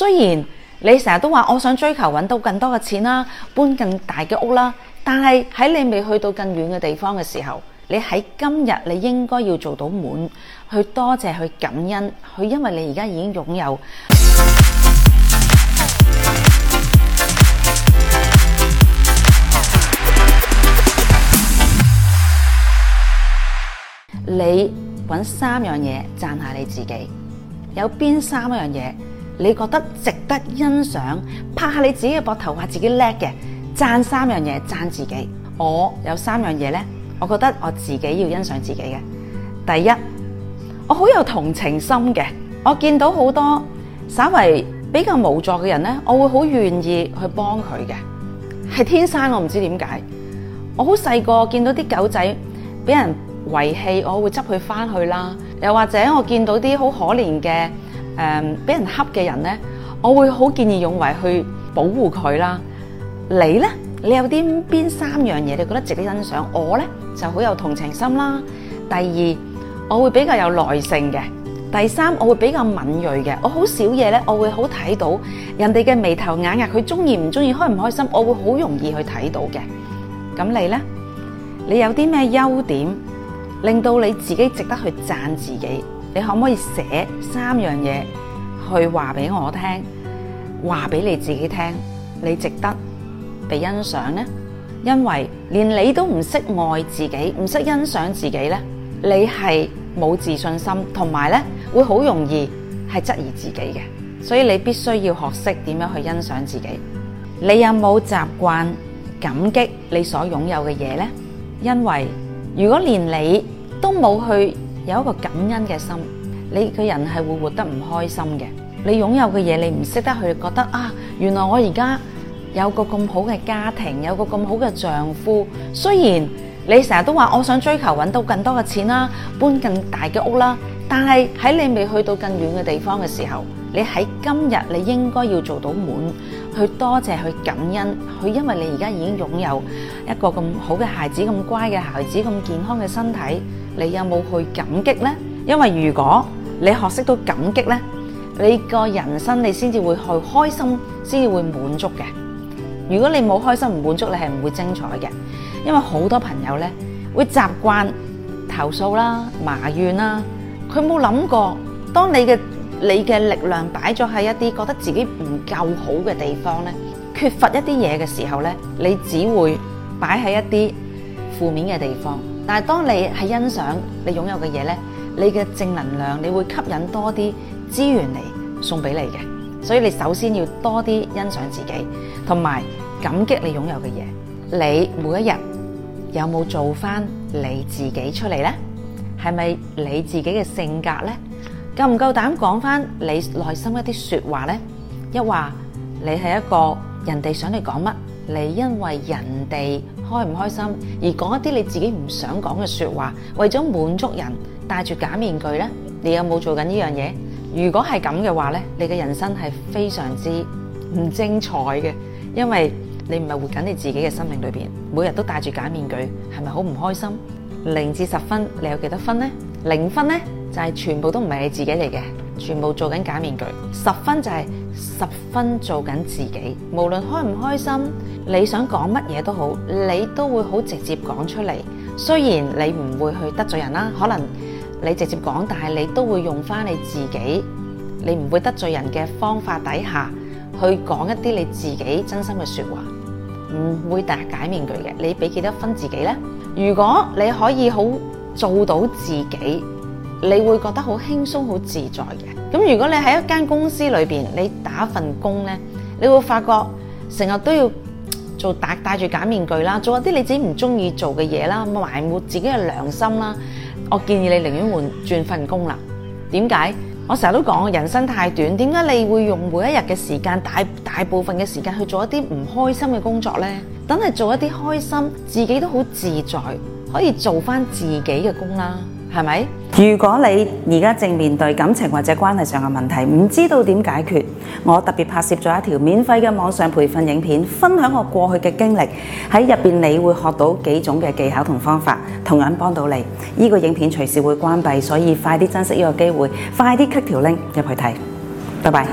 雖然你成日都話，我想追求揾到更多嘅錢啦，搬更大嘅屋啦，但係喺你未去到更遠嘅地方嘅時候，你喺今日你應該要做到滿去，多謝去，感恩去，因為你而家已經擁有，你揾三樣嘢讚下你自己，有邊三樣嘢？你覺得值得欣賞，拍下你自己嘅膊頭，話自己叻嘅，讚三樣嘢，讚自己。我有三樣嘢呢，我覺得我自己要欣賞自己嘅。第一，我好有同情心嘅，我見到好多稍為比較無助嘅人呢，我會好願意去幫佢嘅。係天生，我唔知點解。我好細個見到啲狗仔俾人遺棄，我會執佢翻去啦。又或者我見到啲好可憐嘅。誒，俾人恰嘅人咧，我會好見義勇為去保護佢啦。你咧，你有啲邊三樣嘢，你覺得值得欣賞？我咧就好有同情心啦。第二，我會比較有耐性嘅。第三，我會比較敏銳嘅。我好少嘢咧，我會好睇到人哋嘅眉頭眼額，佢中意唔中意，開唔開心，我會好容易去睇到嘅。咁你咧，你有啲咩優點令到你自己值得去讚自己？你可唔可以寫三樣嘢去話俾我聽，話俾你自己聽，你值得被欣賞呢？因為連你都唔識愛自己，唔識欣賞自己呢，你係冇自信心，同埋呢，會好容易係質疑自己嘅。所以你必須要學識點樣去欣賞自己。你有冇習慣感激你所擁有嘅嘢呢？因為如果連你都冇去，有一個感恩嘅心，你個人係會活得唔開心嘅。你擁有嘅嘢，你唔識得去覺得啊！原來我而家有個咁好嘅家庭，有個咁好嘅丈夫。雖然你成日都話我想追求揾到更多嘅錢啦，搬更大嘅屋啦，但係喺你未去到更遠嘅地方嘅時候，你喺今日你應該要做到滿去多謝去感恩，佢因為你而家已經擁有一個咁好嘅孩子，咁乖嘅孩子，咁健康嘅身體。你有冇去感激呢？因為如果你學識到感激呢，你個人生你先至會去開心，先至會滿足嘅。如果你冇開心唔滿足，你係唔會精彩嘅。因為好多朋友呢會習慣投訴啦、埋怨啦，佢冇諗過，當你嘅你嘅力量擺咗喺一啲覺得自己唔夠好嘅地方呢，缺乏一啲嘢嘅時候呢，你只會擺喺一啲負面嘅地方。但係當你係欣賞你擁有嘅嘢咧，你嘅正能量你會吸引多啲資源嚟送俾你嘅，所以你首先要多啲欣賞自己，同埋感激你擁有嘅嘢。你每一日有冇做翻你自己出嚟咧？係咪你自己嘅性格咧？夠唔夠膽講翻你內心一啲說話咧？一話你係一個人哋想你講乜，你因為人哋。開唔開心？而講一啲你自己唔想講嘅說話，為咗滿足人，戴住假面具呢，你有冇做緊呢樣嘢？如果係咁嘅話呢，你嘅人生係非常之唔精彩嘅，因為你唔係活緊你自己嘅生命裏邊，每日都戴住假面具，係咪好唔開心？零至十分，你有幾多分呢？零分呢，就係全部都唔係你自己嚟嘅，全部做緊假面具。十分就係。十分做緊自己，無論開唔開心，你想講乜嘢都好，你都會好直接講出嚟。雖然你唔會去得罪人啦，可能你直接講，但係你都會用翻你自己，你唔會得罪人嘅方法底下去講一啲你自己真心嘅說話，唔會戴解面具嘅。你俾幾多分自己呢？如果你可以好做到自己。你會覺得好輕鬆、好自在嘅。咁如果你喺一間公司裏邊，你打份工呢，你會發覺成日都要做戴戴住假面具啦，做一啲你自己唔中意做嘅嘢啦，埋沒自己嘅良心啦。我建議你寧願換轉份工啦。點解？我成日都講人生太短，點解你會用每一日嘅時間大大部分嘅時間去做一啲唔開心嘅工作呢？等係做一啲開心，自己都好自在，可以做翻自己嘅工啦。係咪？如果你而家正面對感情或者關係上嘅問題，唔知道點解決，我特別拍攝咗一條免費嘅網上培訓影片，分享我過去嘅經歷，喺入邊你會學到幾種嘅技巧同方法，同樣幫到你。呢個影片隨時會關閉，所以快啲珍惜呢個機會，快啲 click link 入去睇，拜拜。